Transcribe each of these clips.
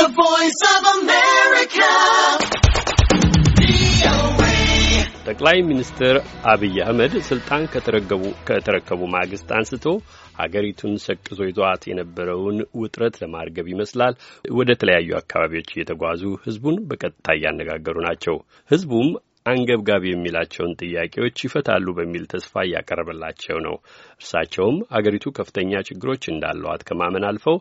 The Voice of America. ጠቅላይ ሚኒስትር አብይ አህመድ ስልጣን ከተረከቡ ማግስት አንስቶ ሀገሪቱን ሰቅዞ ይዟት የነበረውን ውጥረት ለማርገብ ይመስላል ወደ ተለያዩ አካባቢዎች እየተጓዙ ህዝቡን በቀጥታ እያነጋገሩ ናቸው። ህዝቡም አንገብጋቢ የሚላቸውን ጥያቄዎች ይፈታሉ በሚል ተስፋ እያቀረበላቸው ነው። እርሳቸውም አገሪቱ ከፍተኛ ችግሮች እንዳለዋት ከማመን አልፈው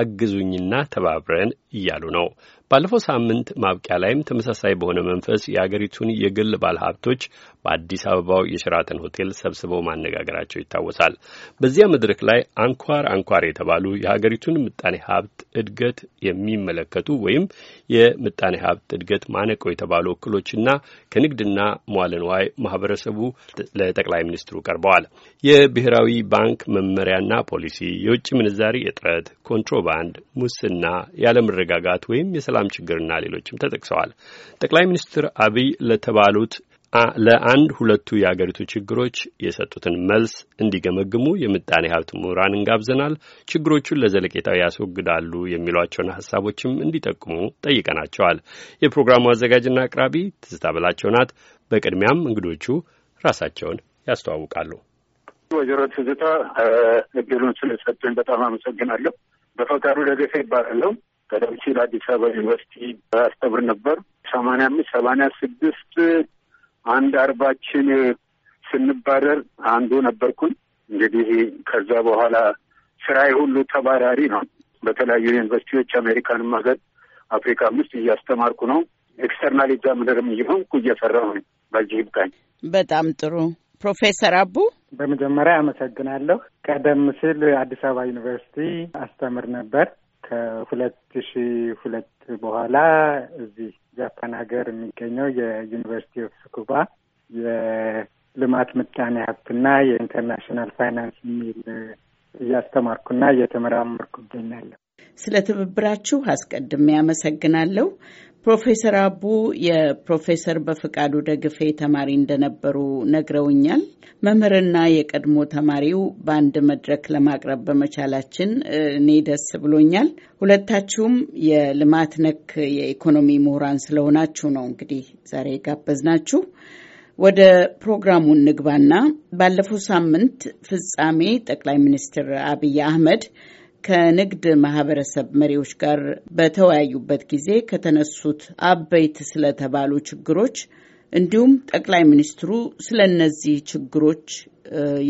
አግዙኝና ተባብረን እያሉ ነው። ባለፈው ሳምንት ማብቂያ ላይም ተመሳሳይ በሆነ መንፈስ የአገሪቱን የግል ባለሀብቶች በአዲስ አበባው የሸራተን ሆቴል ሰብስበው ማነጋገራቸው ይታወሳል። በዚያ መድረክ ላይ አንኳር አንኳር የተባሉ የሀገሪቱን ምጣኔ ሀብት እድገት የሚመለከቱ ወይም የምጣኔ ሀብት እድገት ማነቆ የተባሉ እክሎችና ከንግድና መዋለ ማህበረሰቡ ለጠቅላይ ሚኒስትሩ ቀርበዋል። የብሔራዊ ባንክ መመሪያና ፖሊሲ፣ የውጭ ምንዛሪ እጥረት፣ ኮንትሮባንድ፣ ሙስና፣ ያለመረጋጋት ወይም የሰላ የሰላም ችግርና ሌሎችም ተጠቅሰዋል። ጠቅላይ ሚኒስትር አብይ ለተባሉት ለአንድ ሁለቱ የአገሪቱ ችግሮች የሰጡትን መልስ እንዲገመግሙ የምጣኔ ሀብት ምሁራን ጋብዘናል። ችግሮቹን ለዘለቄታዊ ያስወግዳሉ የሚሏቸውን ሀሳቦችም እንዲጠቁሙ ጠይቀናቸዋል። የፕሮግራሙ አዘጋጅና አቅራቢ ትዝታ በላቸው ናት። በቅድሚያም እንግዶቹ ራሳቸውን ያስተዋውቃሉ። ወይዘሮ ትዝታ እድሉን ስለሰጡኝ በጣም አመሰግናለሁ። በፈቃዱ ለገሰ ይባላለሁ። ቀደም ሲል አዲስ አበባ ዩኒቨርሲቲ አስተምር ነበር። ሰማንያ አምስት ሰማንያ ስድስት አንድ አርባችን ስንባረር አንዱ ነበርኩኝ። እንግዲህ ከዛ በኋላ ስራዬ ሁሉ ተባራሪ ነው። በተለያዩ ዩኒቨርሲቲዎች አሜሪካንም ሀገር አፍሪካ ውስጥ እያስተማርኩ ነው። ኤክስተርናል ኤግዛምነርም እየሆንኩ እየሰራሁ ነው። በዚህ ይብቃኝ። በጣም ጥሩ ፕሮፌሰር አቡ በመጀመሪያ አመሰግናለሁ። ቀደም ሲል አዲስ አበባ ዩኒቨርሲቲ አስተምር ነበር። ከሁለት ሺ ሁለት በኋላ እዚህ ጃፓን ሀገር የሚገኘው የዩኒቨርሲቲ ኦፍ ስኩባ የልማት ምጣኔ ሀብትና የኢንተርናሽናል ፋይናንስ የሚል እያስተማርኩና እየተመራመርኩ እገኛለሁ። ስለ ትብብራችሁ አስቀድሜ ያመሰግናለሁ። ፕሮፌሰር አቡ የፕሮፌሰር በፍቃዱ ደግፌ ተማሪ እንደነበሩ ነግረውኛል። መምህርና የቀድሞ ተማሪው በአንድ መድረክ ለማቅረብ በመቻላችን እኔ ደስ ብሎኛል። ሁለታችሁም የልማት ነክ የኢኮኖሚ ምሁራን ስለሆናችሁ ነው እንግዲህ ዛሬ የጋበዝናችሁ። ወደ ፕሮግራሙ እንግባና ባለፈው ሳምንት ፍጻሜ ጠቅላይ ሚኒስትር አብይ አህመድ ከንግድ ማህበረሰብ መሪዎች ጋር በተወያዩበት ጊዜ ከተነሱት አበይት ስለተባሉ ችግሮች እንዲሁም ጠቅላይ ሚኒስትሩ ስለ እነዚህ ችግሮች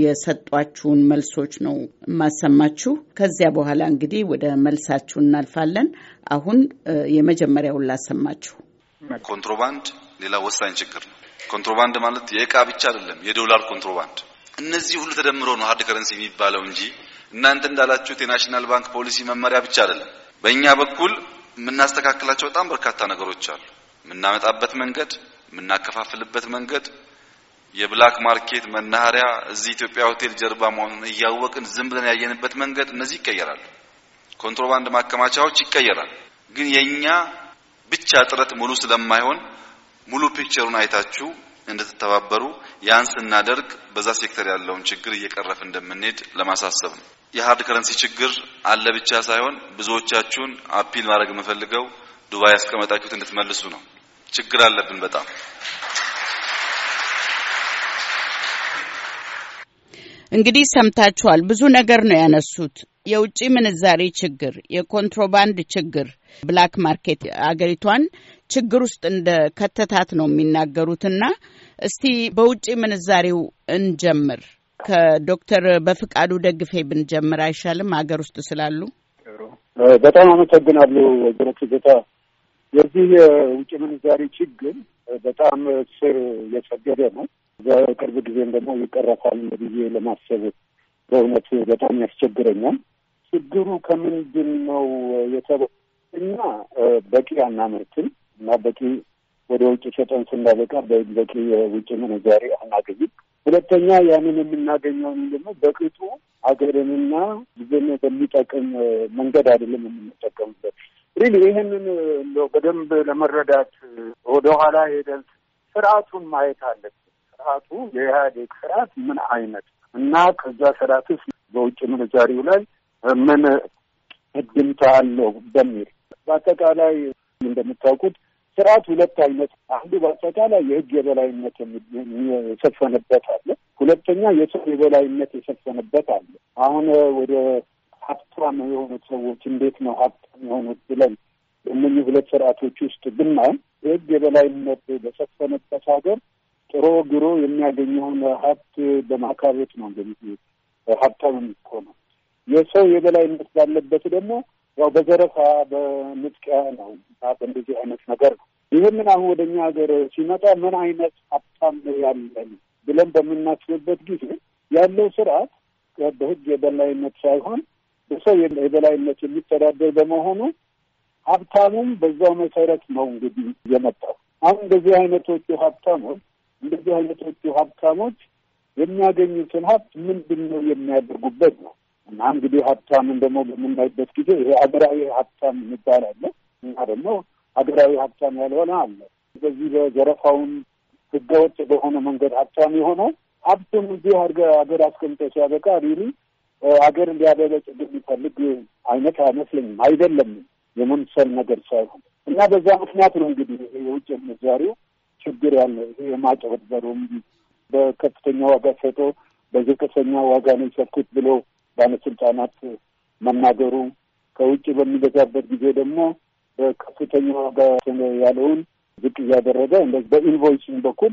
የሰጧችሁን መልሶች ነው የማሰማችሁ። ከዚያ በኋላ እንግዲህ ወደ መልሳችሁ እናልፋለን። አሁን የመጀመሪያውን ላሰማችሁ። ኮንትሮባንድ ሌላ ወሳኝ ችግር ነው። ኮንትሮባንድ ማለት የእቃ ብቻ አይደለም፣ የዶላር ኮንትሮባንድ። እነዚህ ሁሉ ተደምሮ ነው ሀርድ ከረንሲ የሚባለው እንጂ እናንተ እንዳላችሁት የናሽናል ባንክ ፖሊሲ መመሪያ ብቻ አይደለም። በእኛ በኩል የምናስተካክላቸው በጣም በርካታ ነገሮች አሉ። የምናመጣበት መንገድ፣ የምናከፋፍልበት መንገድ የብላክ ማርኬት መናኸሪያ እዚህ ኢትዮጵያ ሆቴል ጀርባ መሆኑን እያወቅን ዝም ብለን ያየንበት መንገድ እነዚህ ይቀየራሉ። ኮንትሮባንድ ማከማቻዎች ይቀየራል። ግን የኛ ብቻ ጥረት ሙሉ ስለማይሆን ሙሉ ፒክቸሩን አይታችሁ እንድትተባበሩ ያን ስናደርግ በዛ ሴክተር ያለውን ችግር እየቀረፍ እንደምንሄድ ለማሳሰብ ነው። የሀርድ ከረንሲ ችግር አለ ብቻ ሳይሆን ብዙዎቻችሁን አፒል ማድረግ የምፈልገው ዱባይ ያስቀመጣችሁት እንድትመልሱ ነው። ችግር አለብን በጣም እንግዲህ ሰምታችኋል። ብዙ ነገር ነው ያነሱት። የውጭ ምንዛሬ ችግር፣ የኮንትሮባንድ ችግር፣ ብላክ ማርኬት አገሪቷን ችግር ውስጥ እንደ ከተታት ነው የሚናገሩትና እስቲ በውጭ ምንዛሬው እንጀምር። ከዶክተር በፍቃዱ ደግፌ ብንጀምር አይሻልም? ሀገር ውስጥ ስላሉ በጣም አመሰግናለሁ ወይዘሮ ትዝታ። የዚህ የውጭ ምንዛሪ ችግር በጣም ስር የሰደደ ነው። በቅርብ ጊዜም ደግሞ ይቀረፋል ብዬ ለማሰብ በእውነት በጣም ያስቸግረኛል። ችግሩ ከምንድን ነው የተበ እና በቂ አናምርትም እና በቂ ወደ ውጭ ሸጠን ስናበቃ በቂ የውጭ ምንዛሪ አናገኝም። ሁለተኛ ያንን የምናገኘውን ደግሞ በቅጡ ሀገርንና ጊዜን በሚጠቅም መንገድ አይደለም የምንጠቀምበት ግን ይህንን እንደው በደንብ ለመረዳት ወደኋላ ሄደን ስርዓቱን ማየት አለብን። ስርዓቱ የኢህአዴግ ስርዓት ምን አይነት እና ከዛ ስርዓትስ በውጭ ምንዛሪው ላይ ምን እድምታ አለው በሚል በአጠቃላይ እንደምታውቁት ስርዓት ሁለት አይነት፣ አንዱ በአጠቃላይ የህግ የበላይነት የሰፈነበት አለ። ሁለተኛ የሰው የበላይነት የሰፈነበት አለ። አሁን ወደ ሀብታም የሆኑት ሰዎች እንዴት ነው ሀብታም የሆኑት ብለን እነኚህ ሁለት ስርዓቶች ውስጥ ብናይ የህግ የበላይነት በሰፈነበት ሀገር ጥሮ ግሮ የሚያገኘውን ሀብት በማካበት ነው እንግዲህ ሀብታም የሚሆነው። የሰው የበላይነት ባለበት ደግሞ ያው በዘረፋ በንጥቂያ ነው፣ በእንደዚህ አይነት ነገር ነው። ይህምን አሁን ወደ እኛ ሀገር ሲመጣ ምን አይነት ሀብታም ያለን ብለን በምናስብበት ጊዜ ያለው ስርዓት በህግ የበላይነት ሳይሆን በሰው የበላይነት የሚተዳደር በመሆኑ ሀብታሙም በዛው መሰረት ነው እንግዲህ የመጣው። አሁን እንደዚህ አይነቶቹ ሀብታሞች እንደዚህ አይነቶቹ ሀብታሞች የሚያገኙትን ሀብት ምንድን ነው የሚያደርጉበት ነው እና እንግዲህ ሀብታምን ደግሞ በምናይበት ጊዜ ይሄ ሀገራዊ ሀብታም የሚባል አለ እና ደግሞ ሀገራዊ ሀብታም ያልሆነ አለ። በዚህ በዘረፋውን ህገወጥ በሆነ መንገድ ሀብታም የሆነው ሀብቱን እዚህ ሀገር አስቀምጠ ሲያበቃ ሪሊ አገር እንዲያበለጽግ የሚፈልግ አይነት አይመስለኝም። አይደለም የመምሰል ነገር ሳይሆን እና በዛ ምክንያት ነው እንግዲህ የውጭ ምንዛሪው ችግር ያለ ይሄ የማጭበርበሩም በከፍተኛ ዋጋ ሰጦ በዝቅተኛ ዋጋ ነው የሸኩት ብሎ ባለስልጣናት መናገሩ ከውጭ በሚገዛበት ጊዜ ደግሞ በከፍተኛ ዋጋ ያለውን ዝቅ እያደረገ በኢንቮይሲንግ በኩል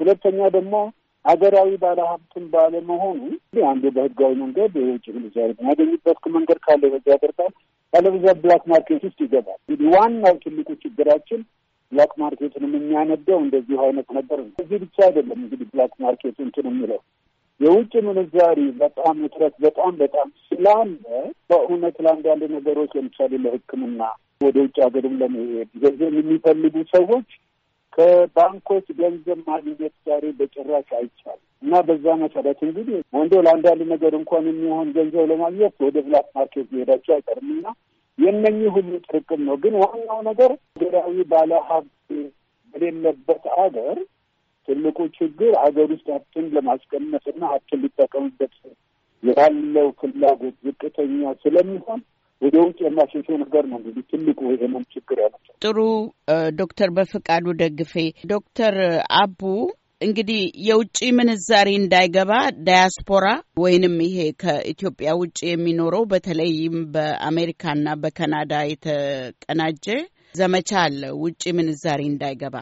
ሁለተኛ ደግሞ ሀገራዊ ባለሀብትን ባለመሆኑ አንዱ በህጋዊ መንገድ የውጭ ምንዛሪ የሚያገኝበት መንገድ ካለ በዚህ ያደርጋል፣ ያለበዛ ብላክ ማርኬት ውስጥ ይገባል። እንግዲህ ዋናው ትልቁ ችግራችን ብላክ ማርኬቱን የሚያነደው እንደዚሁ አይነት ነበር። እዚህ ብቻ አይደለም እንግዲህ ብላክ ማርኬቱ እንትን የሚለው የውጭ ምንዛሪ በጣም እጥረት በጣም በጣም ስላለ በእውነት ለአንዳንድ ነገሮች ለምሳሌ ለሕክምና ወደ ውጭ ሀገርም ለመሄድ ገንዘብ የሚፈልጉ ሰዎች ከባንኮች ገንዘብ ማግኘት ዛሬ በጭራሽ አይቻልም እና በዛ መሰረት እንግዲህ ወንዶ ለአንዳንድ ነገር እንኳን የሚሆን ገንዘብ ለማግኘት ወደ ብላክ ማርኬት መሄዳቸው አይቀርም እና የነኚህ ሁሉ ጥርቅም ነው። ግን ዋናው ነገር ሀገራዊ ባለሀብት በሌለበት አገር ትልቁ ችግር አገር ውስጥ ሀብትን ለማስቀመጥና ሀብትን ሊጠቀምበት ያለው ፍላጎት ዝቅተኛ ስለሚሆን ወደ ውጭ የማሸሸው ነገር ነው እንግዲህ ትልቁ የህመም ችግር ያለ ጥሩ ዶክተር በፍቃዱ ደግፌ ዶክተር አቡ እንግዲህ የውጭ ምንዛሪ እንዳይገባ ዳያስፖራ ወይንም ይሄ ከኢትዮጵያ ውጭ የሚኖረው በተለይም በአሜሪካና በካናዳ የተቀናጀ ዘመቻ አለ፣ ውጭ ምንዛሪ እንዳይገባ።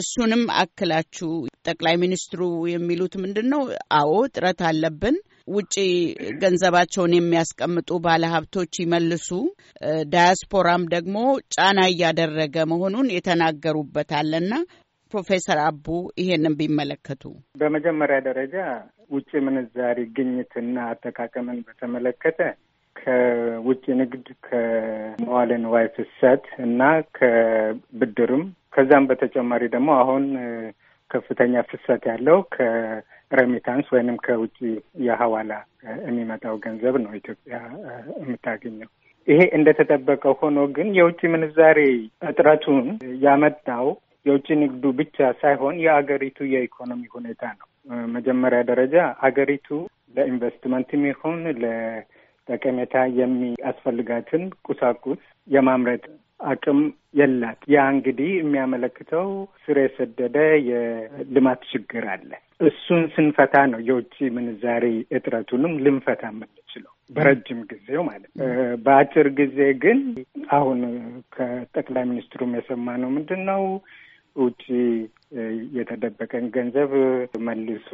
እሱንም አክላችሁ ጠቅላይ ሚኒስትሩ የሚሉት ምንድን ነው? አዎ ጥረት አለብን ውጪ ገንዘባቸውን የሚያስቀምጡ ባለሀብቶች ይመልሱ፣ ዳያስፖራም ደግሞ ጫና እያደረገ መሆኑን የተናገሩበታልና ፕሮፌሰር አቡ ይሄንን ቢመለከቱ። በመጀመሪያ ደረጃ ውጭ ምንዛሪ ግኝትና አጠቃቀምን በተመለከተ ከውጭ ንግድ ከመዋለ ንዋይ ፍሰት እና ከብድርም ከዛም በተጨማሪ ደግሞ አሁን ከፍተኛ ፍሰት ያለው ሬሚታንስ ወይንም ከውጭ የሀዋላ የሚመጣው ገንዘብ ነው ኢትዮጵያ የምታገኘው። ይሄ እንደተጠበቀ ሆኖ ግን የውጭ ምንዛሬ እጥረቱን ያመጣው የውጭ ንግዱ ብቻ ሳይሆን የአገሪቱ የኢኮኖሚ ሁኔታ ነው። መጀመሪያ ደረጃ አገሪቱ ለኢንቨስትመንት የሚሆን ለጠቀሜታ የሚያስፈልጋትን ቁሳቁስ የማምረት አቅም የላት። ያ እንግዲህ የሚያመለክተው ስር የሰደደ የልማት ችግር አለ። እሱን ስንፈታ ነው የውጭ ምንዛሬ እጥረቱንም ልንፈታ የምንችለው በረጅም ጊዜው ማለት ነው። በአጭር ጊዜ ግን አሁን ከጠቅላይ ሚኒስትሩም የሰማነው ምንድን ነው ውጭ የተደበቀን ገንዘብ መልሱ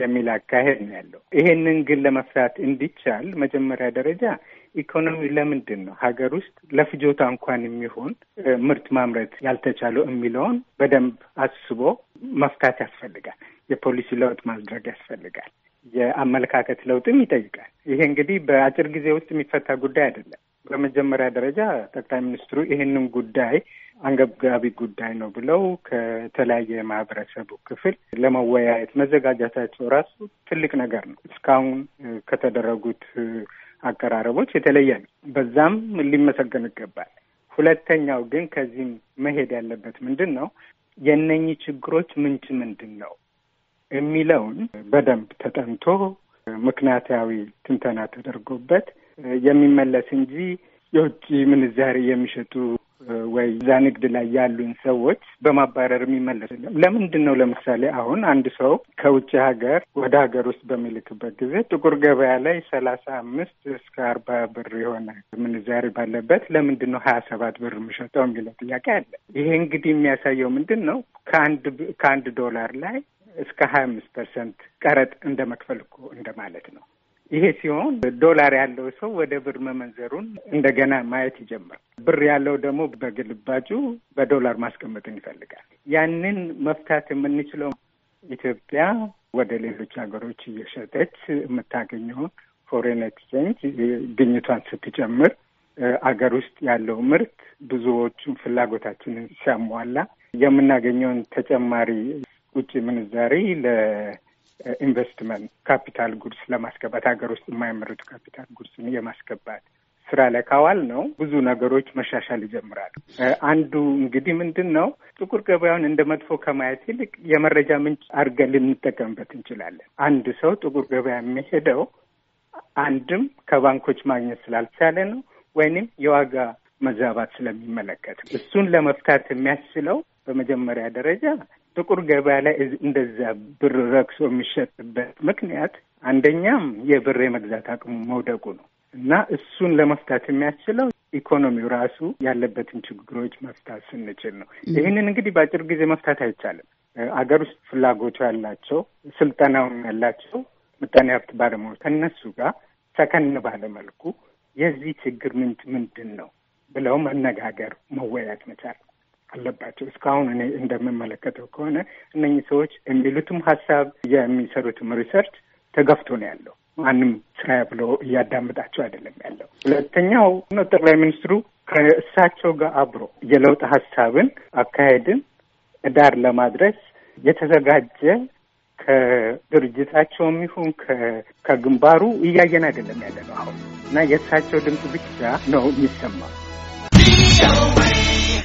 የሚል አካሄድ ነው ያለው። ይሄንን ግን ለመፍታት እንዲቻል መጀመሪያ ደረጃ ኢኮኖሚ ለምንድን ነው ሀገር ውስጥ ለፍጆታ እንኳን የሚሆን ምርት ማምረት ያልተቻለው የሚለውን በደንብ አስቦ መፍታት ያስፈልጋል። የፖሊሲ ለውጥ ማድረግ ያስፈልጋል። የአመለካከት ለውጥም ይጠይቃል። ይሄ እንግዲህ በአጭር ጊዜ ውስጥ የሚፈታ ጉዳይ አይደለም። በመጀመሪያ ደረጃ ጠቅላይ ሚኒስትሩ ይህንን ጉዳይ አንገብጋቢ ጉዳይ ነው ብለው ከተለያየ የማህበረሰቡ ክፍል ለመወያየት መዘጋጀታቸው ራሱ ትልቅ ነገር ነው። እስካሁን ከተደረጉት አቀራረቦች የተለየ ነው። በዛም ሊመሰገን ይገባል። ሁለተኛው ግን ከዚህም መሄድ ያለበት ምንድን ነው የእነኚህ ችግሮች ምንጭ ምንድን ነው የሚለውን በደንብ ተጠንቶ ምክንያታዊ ትንተና ተደርጎበት የሚመለስ እንጂ የውጭ ምንዛሪ የሚሸጡ ወይ እዛ ንግድ ላይ ያሉን ሰዎች በማባረር የሚመለስ የለም። ለምንድን ነው ለምሳሌ አሁን አንድ ሰው ከውጭ ሀገር ወደ ሀገር ውስጥ በሚልክበት ጊዜ ጥቁር ገበያ ላይ ሰላሳ አምስት እስከ አርባ ብር የሆነ ምንዛሬ ባለበት ለምንድን ነው ሀያ ሰባት ብር የሚሸጠው የሚለው ጥያቄ አለ። ይሄ እንግዲህ የሚያሳየው ምንድን ነው ከአንድ ከአንድ ዶላር ላይ እስከ ሀያ አምስት ፐርሰንት ቀረጥ እንደ መክፈል እኮ እንደማለት ነው። ይሄ ሲሆን ዶላር ያለው ሰው ወደ ብር መመንዘሩን እንደገና ማየት ይጀምራል። ብር ያለው ደግሞ በግልባጩ በዶላር ማስቀመጥን ይፈልጋል። ያንን መፍታት የምንችለው ኢትዮጵያ ወደ ሌሎች ሀገሮች እየሸጠች የምታገኘውን ፎሬን ኤክስቼንጅ ግኝቷን ስትጨምር አገር ውስጥ ያለው ምርት ብዙዎቹን ፍላጎታችንን ሲያሟላ የምናገኘውን ተጨማሪ ውጭ ምንዛሪ ኢንቨስትመንት ካፒታል ጉድስ ለማስገባት ሀገር ውስጥ የማይመረቱ ካፒታል ጉድስን የማስገባት ስራ ላይ ካዋል ነው ብዙ ነገሮች መሻሻል ይጀምራሉ። አንዱ እንግዲህ ምንድን ነው ጥቁር ገበያውን እንደ መጥፎ ከማየት ይልቅ የመረጃ ምንጭ አድርገን ልንጠቀምበት እንችላለን። አንድ ሰው ጥቁር ገበያ የሚሄደው አንድም ከባንኮች ማግኘት ስላልቻለ ነው፣ ወይንም የዋጋ መዛባት ስለሚመለከት እሱን ለመፍታት የሚያስችለው በመጀመሪያ ደረጃ ጥቁር ገበያ ላይ እንደዛ ብር ረክሶ የሚሸጥበት ምክንያት አንደኛም የብር የመግዛት አቅሙ መውደቁ ነው እና እሱን ለመፍታት የሚያስችለው ኢኮኖሚው ራሱ ያለበትን ችግሮች መፍታት ስንችል ነው። ይህንን እንግዲህ በአጭር ጊዜ መፍታት አይቻልም። አገር ውስጥ ፍላጎቱ ያላቸው ስልጠናውም ያላቸው ምጣኔ ሀብት ባለሙያዎች ከነሱ ጋር ሰከን ባለ መልኩ የዚህ ችግር ምንጭ ምንድን ነው ብለው መነጋገር መወያየት መቻል አለባቸው። እስካሁን እኔ እንደምመለከተው ከሆነ እነኚህ ሰዎች የሚሉትም ሀሳብ የሚሰሩትም ሪሰርች ተገፍቶ ነው ያለው። ማንም ስራ ብሎ እያዳምጣቸው አይደለም ያለው። ሁለተኛው ነው ጠቅላይ ሚኒስትሩ ከእሳቸው ጋር አብሮ የለውጥ ሀሳብን አካሄድን እዳር ለማድረስ የተዘጋጀ ከድርጅታቸውም ይሁን ከግንባሩ እያየን አይደለም ያለ ነው አሁን እና የእሳቸው ድምፅ ብቻ ነው የሚሰማ።